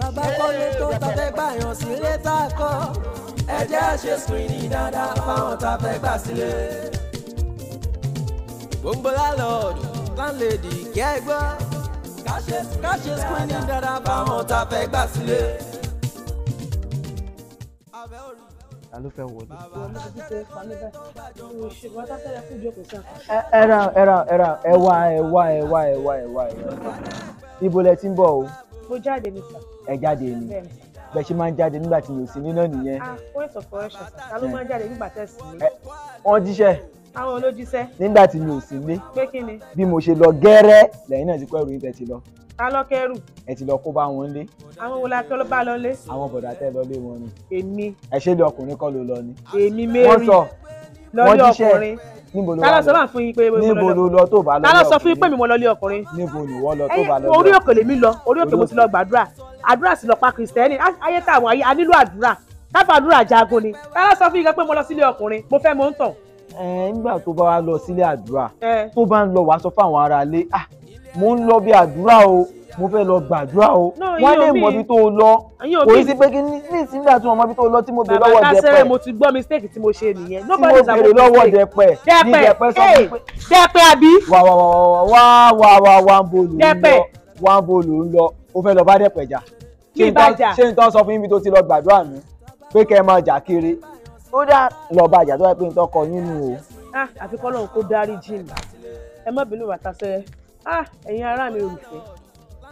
tàbá kọ́lé tó tàbẹ́ gbà sílé tá a kọ́ ẹ jẹ́ àṣe screening dáadáa fáwọn tàbẹ́ gbà sílé. gbogbo lálọ́ọ̀dù láńlẹ́dì kẹ́ ẹ gbọ́ ká ṣe dáadáa fáwọn tàbẹ́ gbà fẹ́ wọlé. ẹran ẹran ẹran ẹwà ẹwà ẹwà ẹwà ẹwà ibo lẹ ti ń bọ̀ o mo jáde ní sà. ẹ jáde ni bẹ ṣe máa ń jáde nígbà tí yóò sí ní náà nìyẹn. ah point of correction ta ló máa ń jáde nígbà tẹ̀sí mi. wọ́n jíṣẹ́. àwọn olójíṣẹ́. nígbà tí yóò sí ní. pé kí ni. bí mo ṣe lọ gẹ́rẹ́ lẹ́yìn náà ti kọ́ ìròyìn tẹ̀ ti lọ. ta lọ kẹrù. ẹ ti lọ kó bá wọn lé. àwọn wo la kí ló bá lọ lé. àwọn bọ̀dà tẹ́ lọ lé wọn ni. èmi. ẹ ṣe lé ọkùnrin kọ́ ló lọ ni. èmi mẹ́rin. wọ́n sọ lọ́lé ọkùnrin níbo ló wà lọ tálọ́sọ náà fún yín tó bá lọ tálọ́sọ fún yín pé mi mo lọ lé ọkùnrin níbo ni wọ́n lọ tó bá lọ lọ orí òkè lèmi lọ orí òkè mo ti lọ gbàdúrà àdúrà sì lọ pa kìrìsìtẹ́nì ayé táwọn ayé a nílò àdúrà káfàdúrà jagun ni tálọ́sọ fún yín pé mo lọ sílé ọkùnrin mo fẹ́ mo ń tàn. ẹ nígbà tó bá wa lọ sílé àdúrà tó bá ń lọ wàá sọ fáwọn aráalé ah mo ń lọ bí àdúrà o mo fẹ́ lọ gbàdúrà o wọ́n lè mọ ibi tó lọ kò í sí pé kí ní ìsínlẹ̀ àti mọ ibi tó lọ tí mo bèrè lọ́wọ́ dẹpẹ́. bàbá kásẹ̀rẹ̀ mo ti gbọ́ mistake tí mo ṣe nìyẹn. tí mo bèrè lọ́wọ́ dẹpẹ́ ní dẹpẹ́ sọ fún pé. dẹpẹ́ àbí. wà wà wà wà wà wà wà ń bo lò ń lọ wà ń bo lò ń lọ o fẹ́ lọ bá dẹpẹ́ jà. ṣé n tán sọ fún ibi tó ti lọ gbàdúrà mi pé kẹ́ ẹ máa jà kiri ó dá lọ bá àjà tó wáyé pé n tán kọ nínú o. àfikọ́ lọ́run kó dárí jìn ẹ má bínú bàtà sẹ́yẹ ẹ̀yin ará mi olùfẹ́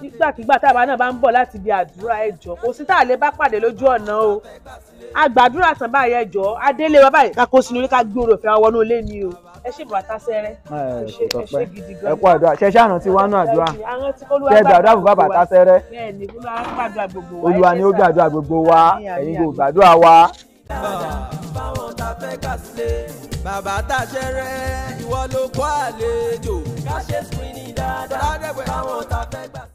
nígbàkigbà táwa náà bá ń bọ̀ láti ibi àdúrà ẹ̀jọ̀ kò sí tá a lè bá pàdé lójú ọ̀nà o àgbàdúrà tán báyìí ẹ̀jọ̀ adélé wa báyìí ká kó sínú ká gbé orò fẹ́ wọnú ilé ni o ẹ ṣe bàtà sẹ́rẹ́ ẹ ṣe gidi gan. ẹ kú àdúrà ṣẹṣẹ àrùn tí wọn àdúrà ṣe gbàdúrà bàbá tá sẹ́rẹ́ olúwa ni ó gbàdúrà gbogbo wa ẹ̀yin kò gbàdúrà wa. báwọn ta fẹ́ kà sílé bàbá tá sẹ́rẹ́ ìwọ ló kọ́ àlejò ká ṣe screening dáadáa báwọn ta fẹ́ gbà.